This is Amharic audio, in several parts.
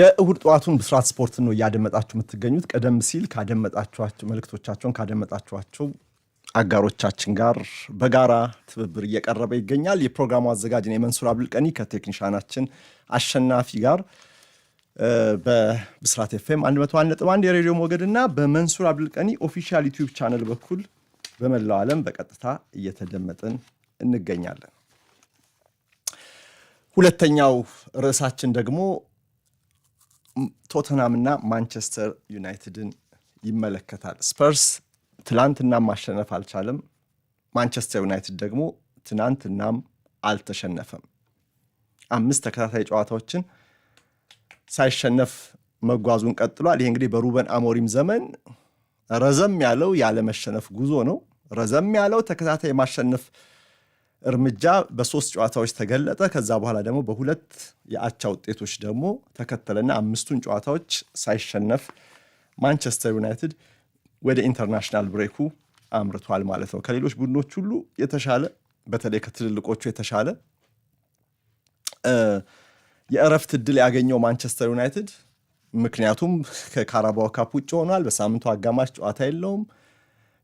የእሁድ ጠዋቱን ብስራት ስፖርት ነው እያደመጣችሁ የምትገኙት። ቀደም ሲል ካደመጣችኋቸው መልእክቶቻቸውን ካደመጣችኋቸው አጋሮቻችን ጋር በጋራ ትብብር እየቀረበ ይገኛል። የፕሮግራሙ አዘጋጅን የመንሱር አብልቀኒ ከቴክኒሻናችን አሸናፊ ጋር በብስራት ኤፍኤም 111 የሬዲዮ ሞገድ እና በመንሱር አብልቀኒ ኦፊሻል ዩቲዩብ ቻነል በኩል በመላው ዓለም በቀጥታ እየተደመጥን እንገኛለን። ሁለተኛው ርዕሳችን ደግሞ ቶተናምና ማንቸስተር ዩናይትድን ይመለከታል። ስፐርስ ትናንትናም ማሸነፍ አልቻለም። ማንቸስተር ዩናይትድ ደግሞ ትናንትናም አልተሸነፈም። አምስት ተከታታይ ጨዋታዎችን ሳይሸነፍ መጓዙን ቀጥሏል። ይሄ እንግዲህ በሩበን አሞሪም ዘመን ረዘም ያለው ያለመሸነፍ ጉዞ ነው። ረዘም ያለው ተከታታይ ማሸነፍ እርምጃ በሶስት ጨዋታዎች ተገለጠ። ከዛ በኋላ ደግሞ በሁለት የአቻ ውጤቶች ደግሞ ተከተለና አምስቱን ጨዋታዎች ሳይሸነፍ ማንቸስተር ዩናይትድ ወደ ኢንተርናሽናል ብሬኩ አምርቷል ማለት ነው። ከሌሎች ቡድኖች ሁሉ የተሻለ በተለይ ከትልልቆቹ የተሻለ የእረፍት እድል ያገኘው ማንቸስተር ዩናይትድ ምክንያቱም ከካራባው ካፕ ውጭ ሆኗል። በሳምንቱ አጋማሽ ጨዋታ የለውም፣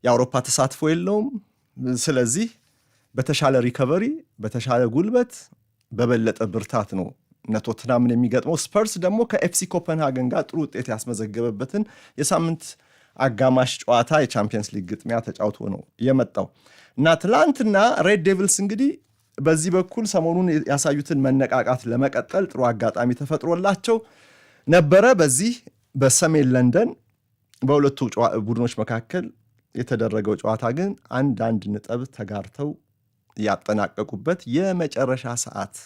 የአውሮፓ ተሳትፎ የለውም። ስለዚህ በተሻለ ሪከቨሪ፣ በተሻለ ጉልበት፣ በበለጠ ብርታት ነው እነ ቶትናምን የሚገጥመው። ስፐርስ ደግሞ ከኤፍሲ ኮፐንሃገን ጋር ጥሩ ውጤት ያስመዘገበበትን የሳምንት አጋማሽ ጨዋታ የቻምፒየንስ ሊግ ግጥሚያ ተጫውቶ ነው የመጣው እና ትላንትና ሬድ ዴቪልስ እንግዲህ በዚህ በኩል ሰሞኑን ያሳዩትን መነቃቃት ለመቀጠል ጥሩ አጋጣሚ ተፈጥሮላቸው ነበረ። በዚህ በሰሜን ለንደን በሁለቱ ቡድኖች መካከል የተደረገው ጨዋታ ግን አንድ አንድ ነጥብ ተጋርተው ያጠናቀቁበት የመጨረሻ ሰዓት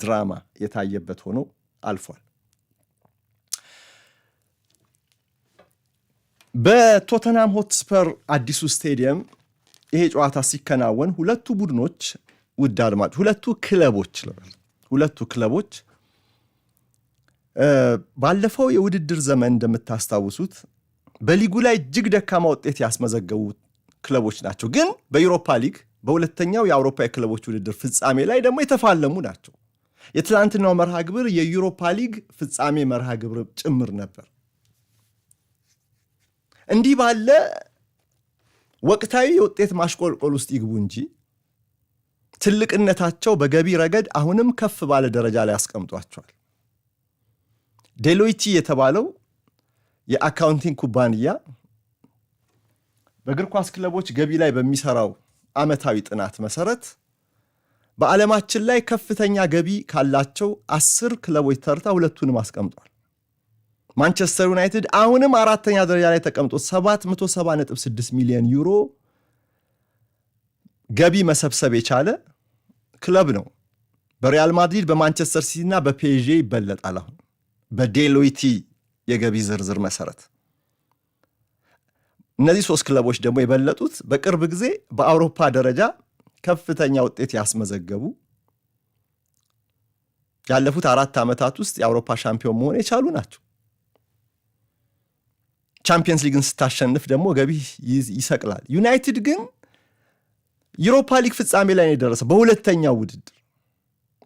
ድራማ የታየበት ሆኖ አልፏል። በቶተናም ሆትስፐር አዲሱ ስቴዲየም ይሄ ጨዋታ ሲከናወን ሁለቱ ቡድኖች ውድ አድማጭ ሁለቱ ክለቦች ሁለቱ ክለቦች ባለፈው የውድድር ዘመን እንደምታስታውሱት በሊጉ ላይ እጅግ ደካማ ውጤት ያስመዘገቡ ክለቦች ናቸው። ግን በዩሮፓ ሊግ በሁለተኛው የአውሮፓ የክለቦች ውድድር ፍጻሜ ላይ ደግሞ የተፋለሙ ናቸው። የትላንትናው መርሃ ግብር የዩሮፓ ሊግ ፍጻሜ መርሃ ግብር ጭምር ነበር። እንዲህ ባለ ወቅታዊ የውጤት ማሽቆልቆል ውስጥ ይግቡ እንጂ ትልቅነታቸው በገቢ ረገድ አሁንም ከፍ ባለ ደረጃ ላይ አስቀምጧቸዋል። ዴሎይቲ የተባለው የአካውንቲንግ ኩባንያ በእግር ኳስ ክለቦች ገቢ ላይ በሚሰራው ዓመታዊ ጥናት መሰረት በዓለማችን ላይ ከፍተኛ ገቢ ካላቸው አስር ክለቦች ተርታ ሁለቱንም አስቀምጧል። ማንቸስተር ዩናይትድ አሁንም አራተኛ ደረጃ ላይ ተቀምጦ 776 ሚሊዮን ዩሮ ገቢ መሰብሰብ የቻለ ክለብ ነው። በሪያል ማድሪድ፣ በማንቸስተር ሲቲና እና ይበለጣል። አሁን በዴሎይቲ የገቢ ዝርዝር መሰረት እነዚህ ሶስት ክለቦች ደግሞ የበለጡት በቅርብ ጊዜ በአውሮፓ ደረጃ ከፍተኛ ውጤት ያስመዘገቡ ያለፉት አራት ዓመታት ውስጥ የአውሮፓ ሻምፒዮን መሆን የቻሉ ናቸው። ቻምፒየንስ ሊግን ስታሸንፍ ደግሞ ገቢ ይሰቅላል። ዩናይትድ ግን ዩሮፓ ሊግ ፍጻሜ ላይ ነው የደረሰው በሁለተኛው ውድድር።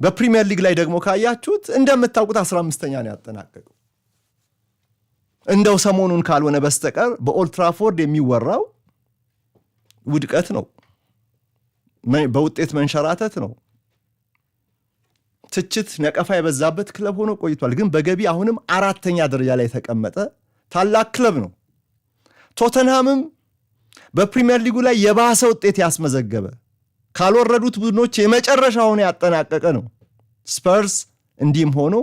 በፕሪሚየር ሊግ ላይ ደግሞ ካያችሁት እንደምታውቁት አስራ አምስተኛ ነው ያጠናቀቀው። እንደው ሰሞኑን ካልሆነ በስተቀር በኦልትራፎርድ የሚወራው ውድቀት ነው፣ በውጤት መንሸራተት ነው። ትችት፣ ነቀፋ የበዛበት ክለብ ሆኖ ቆይቷል። ግን በገቢ አሁንም አራተኛ ደረጃ ላይ የተቀመጠ ታላቅ ክለብ ነው። ቶተንሃምም በፕሪሚየር ሊጉ ላይ የባሰ ውጤት ያስመዘገበ ካልወረዱት ቡድኖች የመጨረሻ ሆኖ ያጠናቀቀ ነው። ስፐርስ እንዲህም ሆኖ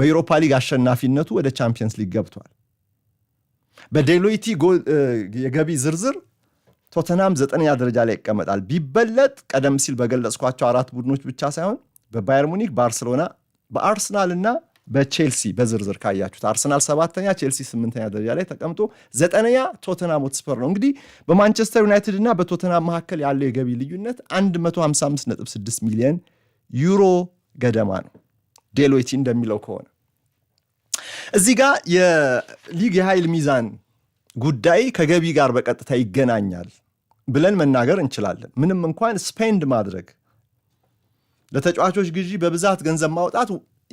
በዩሮፓ ሊግ አሸናፊነቱ ወደ ቻምፒየንስ ሊግ ገብቷል። በዴሎይቲ የገቢ ዝርዝር ቶተናም ዘጠነኛ ደረጃ ላይ ይቀመጣል። ቢበለጥ ቀደም ሲል በገለጽኳቸው አራት ቡድኖች ብቻ ሳይሆን በባየር ሙኒክ፣ ባርሰሎና፣ በአርሰናል እና በቼልሲ በዝርዝር ካያችሁት አርሰናል ሰባተኛ፣ ቼልሲ ስምንተኛ ደረጃ ላይ ተቀምጦ ዘጠነኛ ቶተናም ሆትስፐር ነው። እንግዲህ በማንቸስተር ዩናይትድ እና በቶተናም መካከል ያለው የገቢ ልዩነት 155.6 ሚሊዮን ዩሮ ገደማ ነው ዴሎይቲ እንደሚለው ከሆነ እዚህ ጋር የሊግ የኃይል ሚዛን ጉዳይ ከገቢ ጋር በቀጥታ ይገናኛል ብለን መናገር እንችላለን። ምንም እንኳን ስፔንድ ማድረግ ለተጫዋቾች ግዢ በብዛት ገንዘብ ማውጣት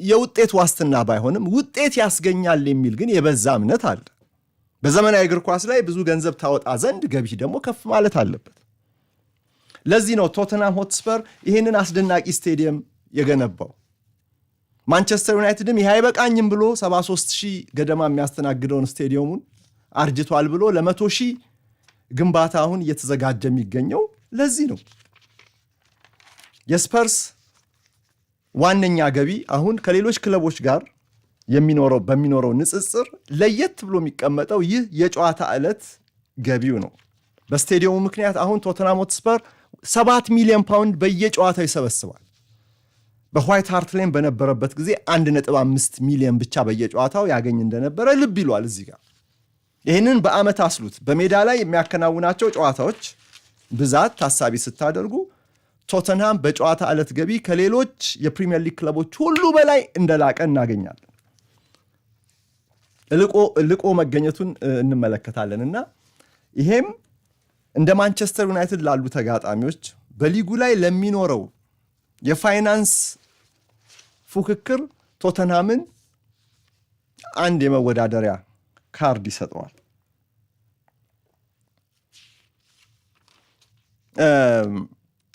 የውጤት ዋስትና ባይሆንም ውጤት ያስገኛል የሚል ግን የበዛ እምነት አለ። በዘመናዊ እግር ኳስ ላይ ብዙ ገንዘብ ታወጣ ዘንድ ገቢ ደግሞ ከፍ ማለት አለበት። ለዚህ ነው ቶተናም ሆትስፐር ይህንን አስደናቂ ስቴዲየም የገነባው። ማንቸስተር ዩናይትድም ይህ አይበቃኝም ብሎ 73 ሺህ ገደማ የሚያስተናግደውን ስቴዲየሙን አርጅቷል ብሎ ለመቶ ሺህ ግንባታ አሁን እየተዘጋጀ የሚገኘው ለዚህ ነው። የስፐርስ ዋነኛ ገቢ አሁን ከሌሎች ክለቦች ጋር የሚኖረው በሚኖረው ንጽጽር ለየት ብሎ የሚቀመጠው ይህ የጨዋታ ዕለት ገቢው ነው። በስቴዲየሙ ምክንያት አሁን ቶተናም ሆትስፐር ሰባት ሚሊዮን ፓውንድ በየጨዋታው ይሰበስባል። በዋይት ሃርት ሌን በነበረበት ጊዜ 1.5 ሚሊዮን ብቻ በየጨዋታው ያገኝ እንደነበረ ልብ ይሏል። እዚህ ጋር ይህንን በአመት አስሉት። በሜዳ ላይ የሚያከናውናቸው ጨዋታዎች ብዛት ታሳቢ ስታደርጉ ቶተንሃም በጨዋታ ዕለት ገቢ ከሌሎች የፕሪሚየር ሊግ ክለቦች ሁሉ በላይ እንደላቀ እናገኛለን። ልቆ መገኘቱን እንመለከታለን እና ይሄም እንደ ማንቸስተር ዩናይትድ ላሉ ተጋጣሚዎች በሊጉ ላይ ለሚኖረው የፋይናንስ ፉክክር ቶተናምን አንድ የመወዳደሪያ ካርድ ይሰጠዋል።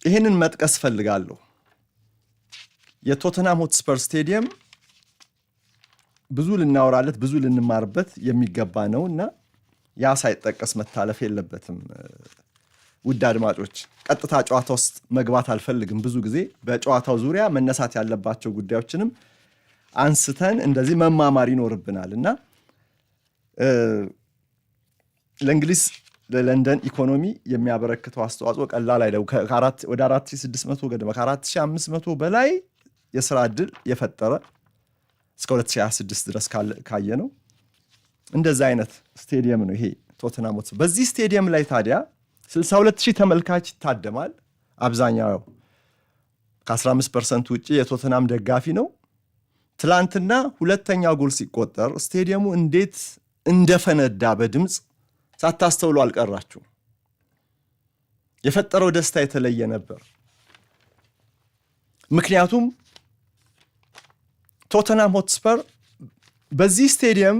ይህንን መጥቀስ ፈልጋለሁ። የቶተናም ሆትስፐር ስቴዲየም ብዙ ልናወራለት ብዙ ልንማርበት የሚገባ ነው እና ያ ሳይጠቀስ መታለፍ የለበትም። ውድ አድማጮች ቀጥታ ጨዋታ ውስጥ መግባት አልፈልግም። ብዙ ጊዜ በጨዋታው ዙሪያ መነሳት ያለባቸው ጉዳዮችንም አንስተን እንደዚህ መማማር ይኖርብናል እና ለእንግሊዝ ለለንደን ኢኮኖሚ የሚያበረክተው አስተዋጽኦ ቀላል አይደለም። ወደ 4600 ገደማ ከ4500 በላይ የስራ ዕድል የፈጠረ እስከ 2026 ድረስ ካየ ነው እንደዚህ አይነት ስቴዲየም ነው ይሄ ቶተንሃም ሆትስፐር። በዚህ ስቴዲየም ላይ ታዲያ 62 ሺህ ተመልካች ይታደማል። አብዛኛው ከ15 ፐርሰንት ውጭ የቶተናም ደጋፊ ነው። ትላንትና ሁለተኛው ጎል ሲቆጠር ስቴዲየሙ እንዴት እንደፈነዳ በድምፅ ሳታስተውሉ አልቀራችሁ። የፈጠረው ደስታ የተለየ ነበር። ምክንያቱም ቶተናም ሆትስፐር በዚህ ስቴዲየም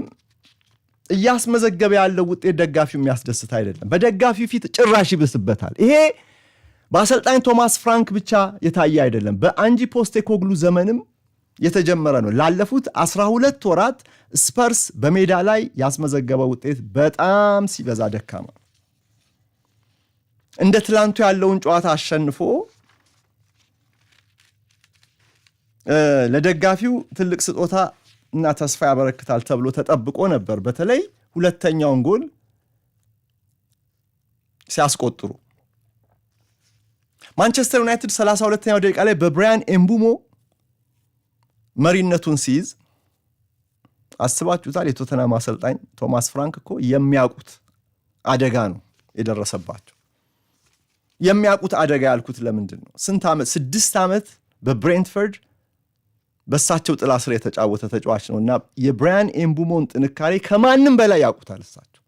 እያስመዘገበ ያለው ውጤት ደጋፊው የሚያስደስት አይደለም። በደጋፊው ፊት ጭራሽ ይብስበታል። ይሄ በአሰልጣኝ ቶማስ ፍራንክ ብቻ የታየ አይደለም። በአንጂ ፖስቴኮግሉ ዘመንም የተጀመረ ነው። ላለፉት 12 ወራት ስፐርስ በሜዳ ላይ ያስመዘገበ ውጤት በጣም ሲበዛ ደካማ፣ እንደ ትላንቱ ያለውን ጨዋታ አሸንፎ ለደጋፊው ትልቅ ስጦታ እና ተስፋ ያበረክታል ተብሎ ተጠብቆ ነበር። በተለይ ሁለተኛውን ጎል ሲያስቆጥሩ ማንቸስተር ዩናይትድ 32ኛው ደቂቃ ላይ በብራያን ኤምቡሞ መሪነቱን ሲይዝ አስባችሁታል? የቶተናም አሰልጣኝ ቶማስ ፍራንክ እኮ የሚያውቁት አደጋ ነው የደረሰባቸው። የሚያውቁት አደጋ ያልኩት ለምንድን ነው? ስንት ዓመት ስድስት ዓመት በብሬንትፈርድ በእሳቸው ጥላ ስር የተጫወተ ተጫዋች ነው እና የብራያን ኤምቡሞን ጥንካሬ ከማንም በላይ ያውቁታል እሳቸው።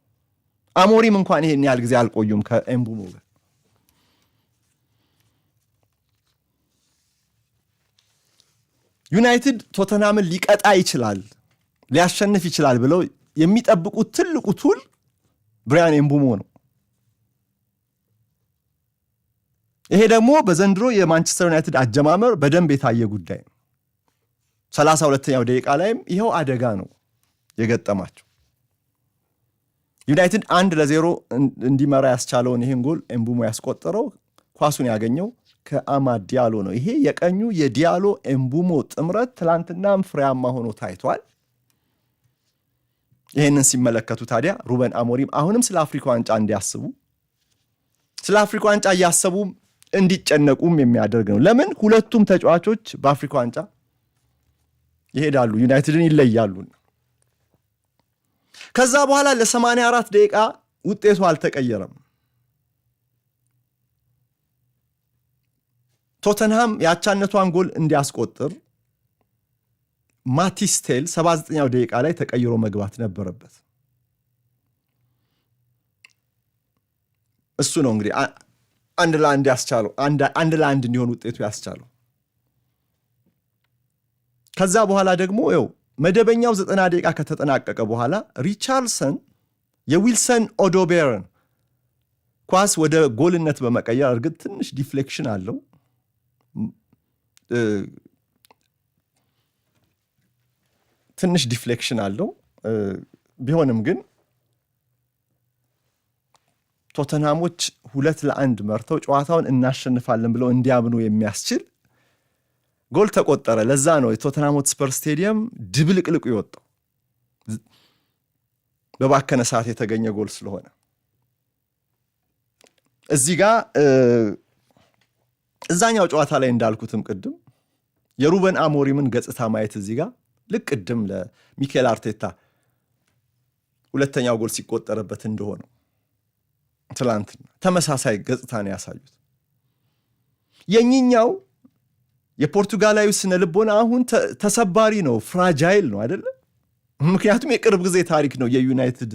አሞሪም እንኳን ይሄን ያህል ጊዜ አልቆዩም ከኤምቡሞ ጋር። ዩናይትድ ቶተናምን ሊቀጣ ይችላል፣ ሊያሸንፍ ይችላል ብለው የሚጠብቁት ትልቁ ቱል ብራያን ኤምቡሞ ነው። ይሄ ደግሞ በዘንድሮ የማንቸስተር ዩናይትድ አጀማመር በደንብ የታየ ጉዳይ ነው። ሰላሳ ሁለተኛው ደቂቃ ላይም ይኸው አደጋ ነው የገጠማቸው። ዩናይትድ አንድ ለዜሮ እንዲመራ ያስቻለውን ይህን ጎል ኤምቡሞ ያስቆጠረው ኳሱን ያገኘው ከአማድ ዲያሎ ነው። ይሄ የቀኙ የዲያሎ ኤምቡሞ ጥምረት ትላንትናም ፍሬያማ ሆኖ ታይቷል። ይህንን ሲመለከቱ ታዲያ ሩበን አሞሪም አሁንም ስለ አፍሪካ ዋንጫ እንዲያስቡ ስለ አፍሪካ ዋንጫ እያሰቡም እንዲጨነቁም የሚያደርግ ነው። ለምን ሁለቱም ተጫዋቾች በአፍሪካ ዋንጫ ይሄዳሉ፣ ዩናይትድን ይለያሉ። ከዛ በኋላ ለ84 ደቂቃ ውጤቱ አልተቀየረም። ቶተንሃም የአቻነቷን ጎል እንዲያስቆጥር ማቲስቴል 79ኛው ደቂቃ ላይ ተቀይሮ መግባት ነበረበት። እሱ ነው እንግዲህ አንድ ለአንድ ያስቻለው አንድ ለአንድ እንዲሆን ውጤቱ ያስቻለው። ከዛ በኋላ ደግሞ ው መደበኛው ዘጠና ደቂቃ ከተጠናቀቀ በኋላ ሪቻርልሰን የዊልሰን ኦዶቤርን ኳስ ወደ ጎልነት በመቀየር እርግጥ ትንሽ ዲፍሌክሽን አለው ትንሽ ዲፍሌክሽን አለው ቢሆንም ግን ቶተናሞች ሁለት ለአንድ መርተው ጨዋታውን እናሸንፋለን ብለው እንዲያምኑ የሚያስችል ጎል ተቆጠረ። ለዛ ነው የቶተናም ሆትስፐር ስቴዲየም ድብልቅልቁ የወጣው በባከነ ሰዓት የተገኘ ጎል ስለሆነ እዚህ ጋር እዛኛው ጨዋታ ላይ እንዳልኩትም ቅድም የሩበን አሞሪምን ገጽታ ማየት እዚህ ጋር ልክ ቅድም ለሚካኤል አርቴታ ሁለተኛው ጎል ሲቆጠረበት እንደሆነው ትላንትና ተመሳሳይ ገጽታ ነው ያሳዩት የእኚኛው የፖርቱጋላዊ ስነ ልቦና አሁን ተሰባሪ ነው፣ ፍራጃይል ነው አይደለ? ምክንያቱም የቅርብ ጊዜ ታሪክ ነው የዩናይትድ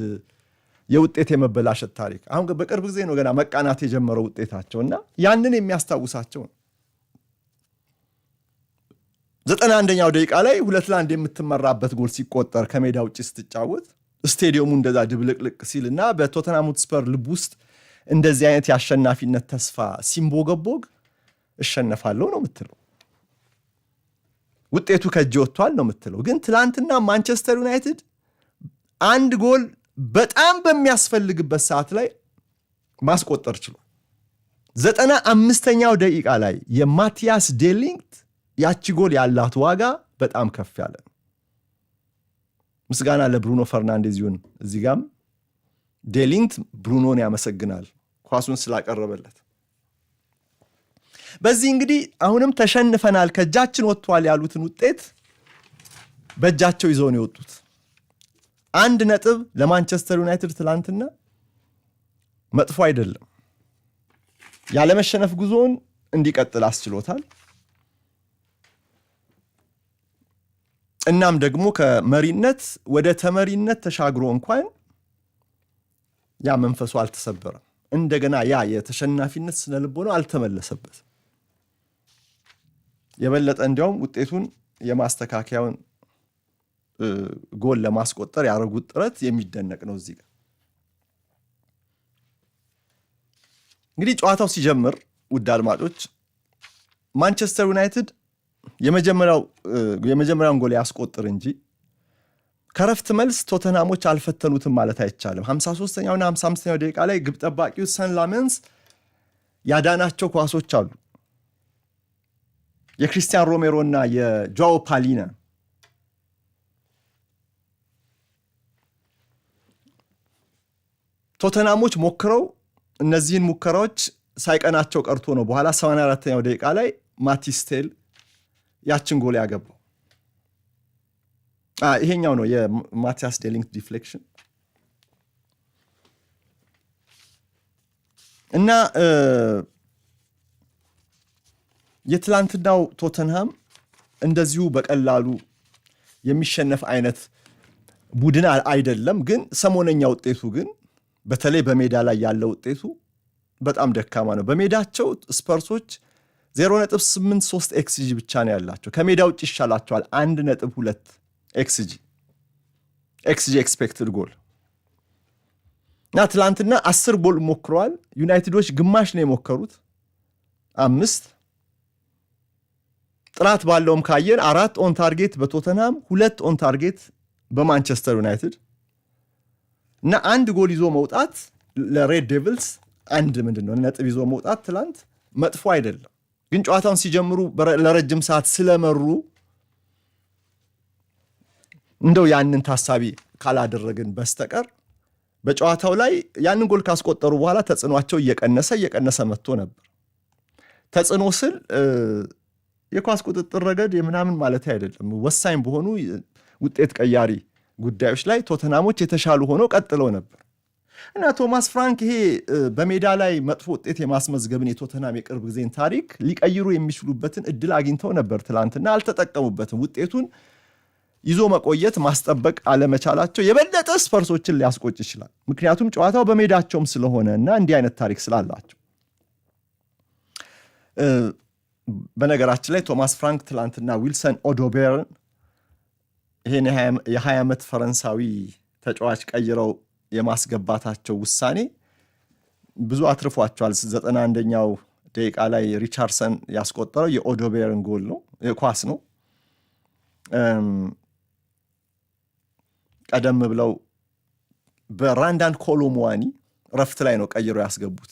የውጤት የመበላሸት ታሪክ። አሁን በቅርብ ጊዜ ነው ገና መቃናት የጀመረው ውጤታቸው እና ያንን የሚያስታውሳቸው ነው። ዘጠና አንደኛው ደቂቃ ላይ ሁለት ለአንድ የምትመራበት ጎል ሲቆጠር ከሜዳ ውጭ ስትጫወት ስቴዲየሙ እንደዛ ድብልቅልቅ ሲል እና በቶተንሃም ሆትስፐር ልብ ውስጥ እንደዚህ አይነት የአሸናፊነት ተስፋ ሲንቦገቦግ እሸነፋለሁ ነው የምትለው ውጤቱ ከእጅ ወጥቷል ነው የምትለው። ግን ትላንትና ማንቸስተር ዩናይትድ አንድ ጎል በጣም በሚያስፈልግበት ሰዓት ላይ ማስቆጠር ችሏል። ዘጠና አምስተኛው ደቂቃ ላይ የማቲያስ ዴሊንግት ያቺ ጎል ያላት ዋጋ በጣም ከፍ ያለ ነው። ምስጋና ለብሩኖ ፈርናንዴዝ ይሁን። እዚህ ጋም ዴሊንግት ብሩኖን ያመሰግናል ኳሱን ስላቀረበለት። በዚህ እንግዲህ አሁንም ተሸንፈናል ከእጃችን ወጥቷል ያሉትን ውጤት በእጃቸው ይዘው ነው የወጡት። አንድ ነጥብ ለማንቸስተር ዩናይትድ ትላንትና መጥፎ አይደለም። ያለመሸነፍ ጉዞውን እንዲቀጥል አስችሎታል። እናም ደግሞ ከመሪነት ወደ ተመሪነት ተሻግሮ እንኳን ያ መንፈሱ አልተሰበረም። እንደገና ያ የተሸናፊነት ስነልቦና አልተመለሰበትም። የበለጠ እንዲያውም ውጤቱን የማስተካከያውን ጎል ለማስቆጠር ያደረጉት ጥረት የሚደነቅ ነው። እዚህ ጋር እንግዲህ ጨዋታው ሲጀምር ውድ አድማጮች ማንቸስተር ዩናይትድ የመጀመሪያውን ጎል ያስቆጥር እንጂ ከረፍት መልስ ቶተናሞች አልፈተኑትም ማለት አይቻልም። 53ኛውና 55ኛው ደቂቃ ላይ ግብ ጠባቂው ሰን ላመንስ ያዳናቸው ኳሶች አሉ። የክርስቲያን ሮሜሮ እና የጆዋው ፓሊና ቶተናሞች ሞክረው እነዚህን ሙከራዎች ሳይቀናቸው ቀርቶ ነው በኋላ 84ኛው ደቂቃ ላይ ማቲስቴል ያችን ጎል ያገባው። ይሄኛው ነው የማቲያስ ዴሊንግ ዲፍሌክሽን እና የትላንትናው ቶተንሃም እንደዚሁ በቀላሉ የሚሸነፍ አይነት ቡድን አይደለም። ግን ሰሞነኛ ውጤቱ ግን በተለይ በሜዳ ላይ ያለው ውጤቱ በጣም ደካማ ነው። በሜዳቸው ስፐርሶች 0.83 ኤክስጂ ብቻ ነው ያላቸው። ከሜዳ ውጭ ይሻላቸዋል 1.2 ኤክስጂ ኤክስጂ ኤክስፔክትድ ጎል እና ትላንትና አስር ጎል ሞክረዋል። ዩናይትዶች ግማሽ ነው የሞከሩት አምስት ጥራት ባለውም ካየን አራት ኦን ታርጌት በቶተንሃም ሁለት ኦን ታርጌት በማንቸስተር ዩናይትድ እና አንድ ጎል ይዞ መውጣት ለሬድ ዴቪልስ አንድ ምንድን ነው ነጥብ ይዞ መውጣት ትላንት መጥፎ አይደለም፣ ግን ጨዋታውን ሲጀምሩ ለረጅም ሰዓት ስለመሩ እንደው ያንን ታሳቢ ካላደረግን በስተቀር በጨዋታው ላይ ያንን ጎል ካስቆጠሩ በኋላ ተጽዕኖቸው እየቀነሰ እየቀነሰ መጥቶ ነበር። ተጽዕኖ ስል የኳስ ቁጥጥር ረገድ የምናምን ማለት አይደለም። ወሳኝ በሆኑ ውጤት ቀያሪ ጉዳዮች ላይ ቶተናሞች የተሻሉ ሆነው ቀጥለው ነበር እና ቶማስ ፍራንክ ይሄ በሜዳ ላይ መጥፎ ውጤት የማስመዝገብን የቶተናም የቅርብ ጊዜን ታሪክ ሊቀይሩ የሚችሉበትን እድል አግኝተው ነበር። ትላንትና አልተጠቀሙበትም። ውጤቱን ይዞ መቆየት ማስጠበቅ አለመቻላቸው የበለጠ ስፐርሶችን ሊያስቆጭ ይችላል። ምክንያቱም ጨዋታው በሜዳቸውም ስለሆነ እና እንዲህ አይነት ታሪክ ስላላቸው በነገራችን ላይ ቶማስ ፍራንክ ትላንትና ዊልሰን ኦዶቤርን ይህን የ20 ዓመት ፈረንሳዊ ተጫዋች ቀይረው የማስገባታቸው ውሳኔ ብዙ አትርፏቸዋል። ዘጠና አንደኛው ደቂቃ ላይ ሪቻርሰን ያስቆጠረው የኦዶቤርን ጎል ነው ኳስ ነው። ቀደም ብለው በራንዳን ኮሎሙዋኒ ረፍት ላይ ነው ቀይረው ያስገቡት።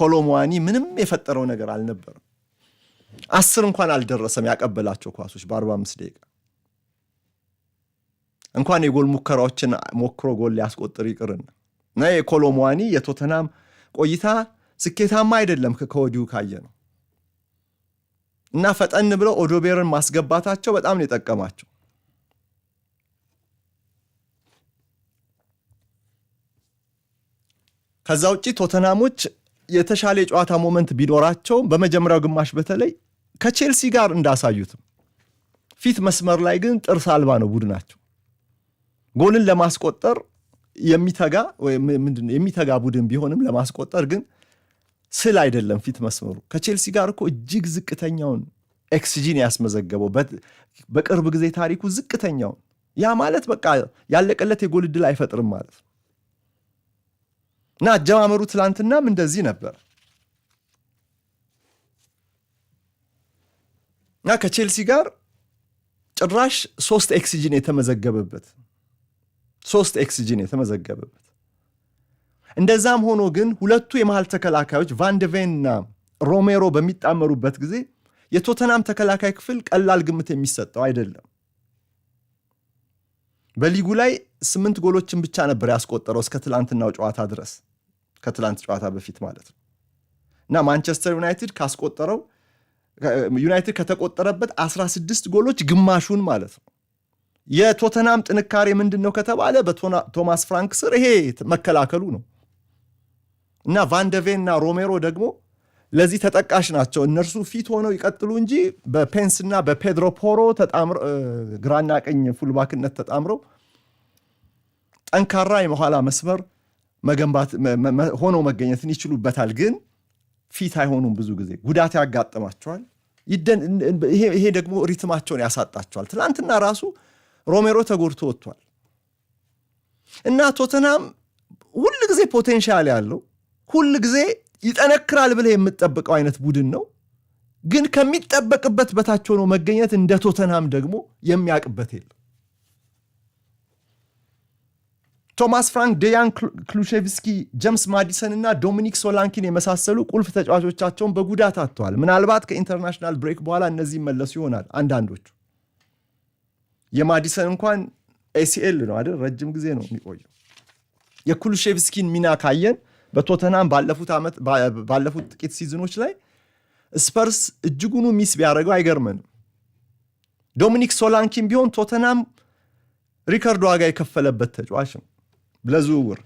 ኮሎሙዋኒ ምንም የፈጠረው ነገር አልነበርም። አስር እንኳን አልደረሰም ያቀበላቸው ኳሶች በአርባ አምስት ደቂቃ እንኳን የጎል ሙከራዎችን ሞክሮ ጎል ሊያስቆጥር ይቅርና እና የኮሎሙዋኒ የቶተናም ቆይታ ስኬታማ አይደለም ከወዲሁ ካየ ነው እና ፈጠን ብለው ኦዶቤርን ማስገባታቸው በጣም ነው የጠቀማቸው። ከዛ ውጭ ቶተናሞች የተሻለ የጨዋታ ሞመንት ቢኖራቸውም በመጀመሪያው ግማሽ በተለይ ከቼልሲ ጋር እንዳሳዩትም ፊት መስመር ላይ ግን ጥርስ አልባ ነው ቡድናቸው። ጎልን ለማስቆጠር የሚተጋ የሚተጋ ቡድን ቢሆንም ለማስቆጠር ግን ስል አይደለም ፊት መስመሩ። ከቼልሲ ጋር እኮ እጅግ ዝቅተኛውን ኤክስጂን ያስመዘገበው በቅርብ ጊዜ ታሪኩ ዝቅተኛውን። ያ ማለት በቃ ያለቀለት የጎል ዕድል አይፈጥርም ማለት ነው። እና አጀማመሩ ትላንትናም እንደዚህ ነበር እና ከቼልሲ ጋር ጭራሽ ሶስት ኤክስጂን የተመዘገበበት ሶስት ኤክስጂን የተመዘገበበት እንደዛም ሆኖ ግን ሁለቱ የመሃል ተከላካዮች ቫንደቬንና ሮሜሮ በሚጣመሩበት ጊዜ የቶተናም ተከላካይ ክፍል ቀላል ግምት የሚሰጠው አይደለም። በሊጉ ላይ ስምንት ጎሎችን ብቻ ነበር ያስቆጠረው እስከ ትላንትናው ጨዋታ ድረስ። ከትላንት ጨዋታ በፊት ማለት ነው እና ማንቸስተር ዩናይትድ ካስቆጠረው ዩናይትድ ከተቆጠረበት 16 ጎሎች ግማሹን ማለት ነው። የቶተናም ጥንካሬ ምንድን ነው ከተባለ በቶማስ ፍራንክ ስር ይሄ መከላከሉ ነው እና ቫንደቬ እና ሮሜሮ ደግሞ ለዚህ ተጠቃሽ ናቸው። እነርሱ ፊት ሆነው ይቀጥሉ እንጂ በፔንስ እና በፔድሮ ፖሮ ግራና ቀኝ ፉልባክነት ተጣምረው ጠንካራ የመኋላ መስመር መገንባት ሆነው መገኘትን ይችሉበታል። ግን ፊት አይሆኑም። ብዙ ጊዜ ጉዳት ያጋጥማቸዋል። ይሄ ደግሞ ሪትማቸውን ያሳጣቸዋል። ትናንትና ራሱ ሮሜሮ ተጎድቶ ወጥቷል እና ቶተናም ሁል ጊዜ ፖቴንሻል ያለው ሁል ጊዜ ይጠነክራል ብለህ የምጠብቀው አይነት ቡድን ነው። ግን ከሚጠበቅበት በታች ሆኖ መገኘት እንደ ቶተናም ደግሞ የሚያውቅበት የለም። ቶማስ ፍራንክ፣ ዴያን ክሉሼቭስኪ፣ ጀምስ ማዲሰን እና ዶሚኒክ ሶላንኪን የመሳሰሉ ቁልፍ ተጫዋቾቻቸውን በጉዳት አጥተዋል። ምናልባት ከኢንተርናሽናል ብሬክ በኋላ እነዚህ መለሱ ይሆናል። አንዳንዶቹ የማዲሰን እንኳን ኤሲኤል ነው አይደል? ረጅም ጊዜ ነው የሚቆየው። የኩሉሼቭስኪን ሚና ካየን በቶተናም ባለፉት ጥቂት ሲዝኖች ላይ ስፐርስ እጅጉኑ ሚስ ቢያደርገው አይገርመንም። ዶሚኒክ ሶላንኪን ቢሆን ቶተናም ሪከርድ ዋጋ የከፈለበት ተጫዋች ነው። ለዝውውር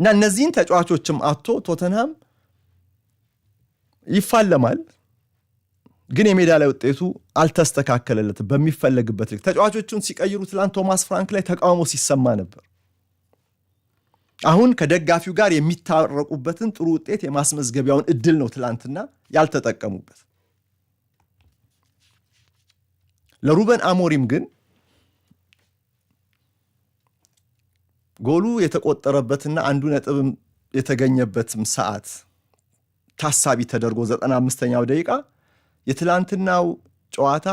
እና እነዚህን ተጫዋቾችም አቶ ቶተንሃም ይፋለማል፣ ግን የሜዳ ላይ ውጤቱ አልተስተካከለለትም በሚፈለግበት ልክ። ተጫዋቾቹን ሲቀይሩ ትላንት ቶማስ ፍራንክ ላይ ተቃውሞ ሲሰማ ነበር። አሁን ከደጋፊው ጋር የሚታረቁበትን ጥሩ ውጤት የማስመዝገቢያውን እድል ነው ትላንትና ያልተጠቀሙበት። ለሩበን አሞሪም ግን ጎሉ የተቆጠረበትና አንዱ ነጥብ የተገኘበትም ሰዓት ታሳቢ ተደርጎ ዘጠና አምስተኛው ደቂቃ የትላንትናው ጨዋታ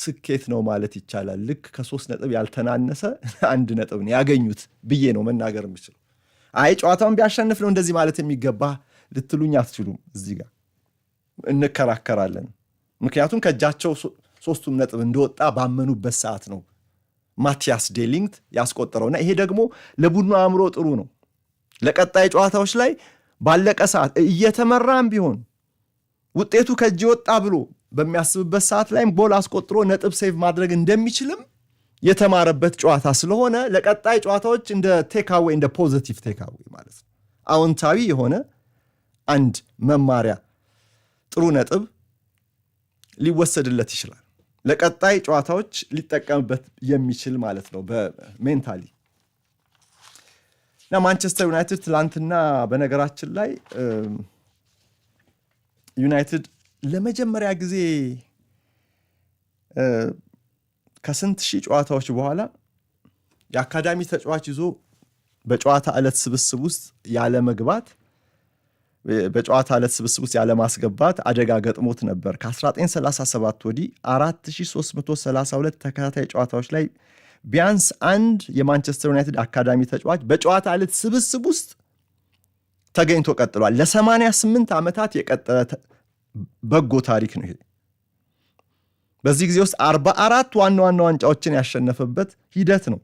ስኬት ነው ማለት ይቻላል። ልክ ከሶስት ነጥብ ያልተናነሰ አንድ ነጥብ ነው ያገኙት ብዬ ነው መናገር የምችለው። አይ ጨዋታውን ቢያሸንፍ ነው እንደዚህ ማለት የሚገባ ልትሉኝ አትችሉም። እዚህ ጋር እንከራከራለን። ምክንያቱም ከእጃቸው ሶስቱም ነጥብ እንደወጣ ባመኑበት ሰዓት ነው ማቲያስ ዴሊንግት ያስቆጠረውና ይሄ ደግሞ ለቡድኑ አእምሮ ጥሩ ነው። ለቀጣይ ጨዋታዎች ላይ ባለቀ ሰዓት እየተመራም ቢሆን ውጤቱ ከእጅ ወጣ ብሎ በሚያስብበት ሰዓት ላይም ጎል አስቆጥሮ ነጥብ ሴቭ ማድረግ እንደሚችልም የተማረበት ጨዋታ ስለሆነ ለቀጣይ ጨዋታዎች እንደ ቴካዌ እንደ ፖዘቲቭ ቴካዌ ማለት ነው አዎንታዊ የሆነ አንድ መማሪያ ጥሩ ነጥብ ሊወሰድለት ይችላል። ለቀጣይ ጨዋታዎች ሊጠቀምበት የሚችል ማለት ነው በሜንታሊ እና ማንቸስተር ዩናይትድ ትላንትና በነገራችን ላይ ዩናይትድ ለመጀመሪያ ጊዜ ከስንት ሺህ ጨዋታዎች በኋላ የአካዳሚ ተጫዋች ይዞ በጨዋታ ዕለት ስብስብ ውስጥ ያለ መግባት በጨዋታ ዕለት ስብስብ ውስጥ ያለማስገባት አደጋ ገጥሞት ነበር። ከ1937 ወዲህ 4332 ተከታታይ ጨዋታዎች ላይ ቢያንስ አንድ የማንቸስተር ዩናይትድ አካዳሚ ተጫዋች በጨዋታ ዕለት ስብስብ ውስጥ ተገኝቶ ቀጥሏል። ለ88 ዓመታት የቀጠለ በጎ ታሪክ ነው ይሄ። በዚህ ጊዜ ውስጥ 44 ዋና ዋና ዋንጫዎችን ያሸነፈበት ሂደት ነው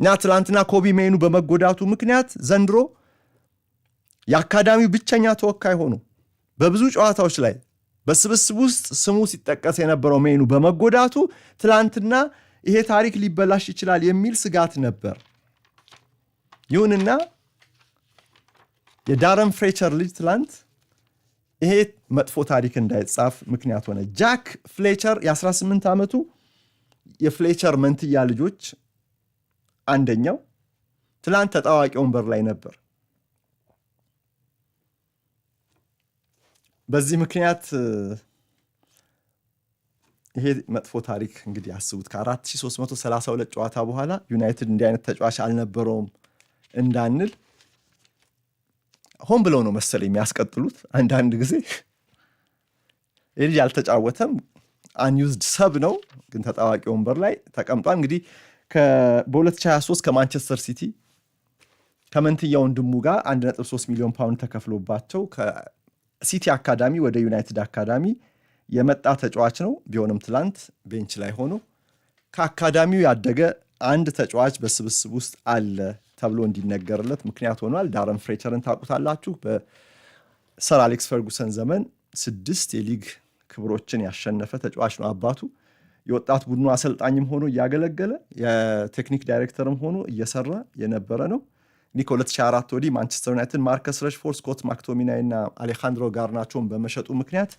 እና ትላንትና ኮቢ ሜኑ በመጎዳቱ ምክንያት ዘንድሮ የአካዳሚው ብቸኛ ተወካይ ሆኖ በብዙ ጨዋታዎች ላይ በስብስብ ውስጥ ስሙ ሲጠቀስ የነበረው ሜኑ በመጎዳቱ ትላንትና ይሄ ታሪክ ሊበላሽ ይችላል የሚል ስጋት ነበር። ይሁንና የዳረን ፍሌቸር ልጅ ትላንት ይሄ መጥፎ ታሪክ እንዳይጻፍ ምክንያት ሆነ። ጃክ ፍሌቸር የ18 ዓመቱ የፍሌቸር መንትያ ልጆች አንደኛው ትላንት ተጣዋቂ ወንበር ላይ ነበር። በዚህ ምክንያት ይሄ መጥፎ ታሪክ እንግዲህ ያስቡት። ከ4332 ጨዋታ በኋላ ዩናይትድ እንዲህ አይነት ተጫዋች አልነበረውም እንዳንል ሆን ብለው ነው መሰል የሚያስቀጥሉት። አንዳንድ ጊዜ ይህ ልጅ አልተጫወተም፣ አንዩዝድ ሰብ ነው፣ ግን ተጣዋቂ ወንበር ላይ ተቀምጧል። እንግዲህ በ2023 ከማንቸስተር ሲቲ ከመንትያ ወንድሙ ጋር 1.3 ሚሊዮን ፓውንድ ተከፍሎባቸው ሲቲ አካዳሚ ወደ ዩናይትድ አካዳሚ የመጣ ተጫዋች ነው። ቢሆንም ትላንት ቤንች ላይ ሆኖ ከአካዳሚው ያደገ አንድ ተጫዋች በስብስብ ውስጥ አለ ተብሎ እንዲነገርለት ምክንያት ሆኗል። ዳረን ፍሬቸርን ታውቁታላችሁ። በሰር አሌክስ ፈርጉሰን ዘመን ስድስት የሊግ ክብሮችን ያሸነፈ ተጫዋች ነው። አባቱ የወጣት ቡድኑ አሰልጣኝም ሆኖ እያገለገለ የቴክኒክ ዳይሬክተርም ሆኖ እየሰራ የነበረ ነው። እኔ ከ2004 ወዲህ ማንቸስተር ዩናይትድ ማርከስ ረሽፎርድ፣ ስኮት ማክቶሚናይ እና አሌካንድሮ ጋርናቾን በመሸጡ ምክንያት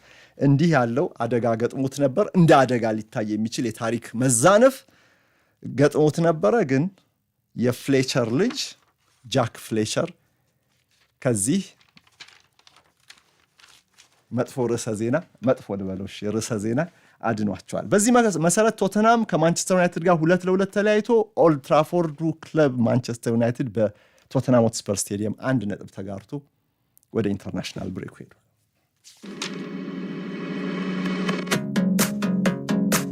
እንዲህ ያለው አደጋ ገጥሞት ነበር። እንደ አደጋ ሊታይ የሚችል የታሪክ መዛነፍ ገጥሞት ነበረ። ግን የፍሌቸር ልጅ ጃክ ፍሌቸር ከዚህ መጥፎ ርዕሰ ዜና መጥፎ ልበሎሽ ርዕሰ ዜና አድኗቸዋል። በዚህ መሰረት ቶተናም ከማንቸስተር ዩናይትድ ጋር ሁለት ለሁለት ተለያይቶ ኦልድ ትራፎርዱ ክለብ ማንቸስተር ዩናይትድ በ ቶተንሃም ሆትስፐር ስቴዲየም አንድ ነጥብ ተጋርቶ ወደ ኢንተርናሽናል ብሬኩ ሄዷል።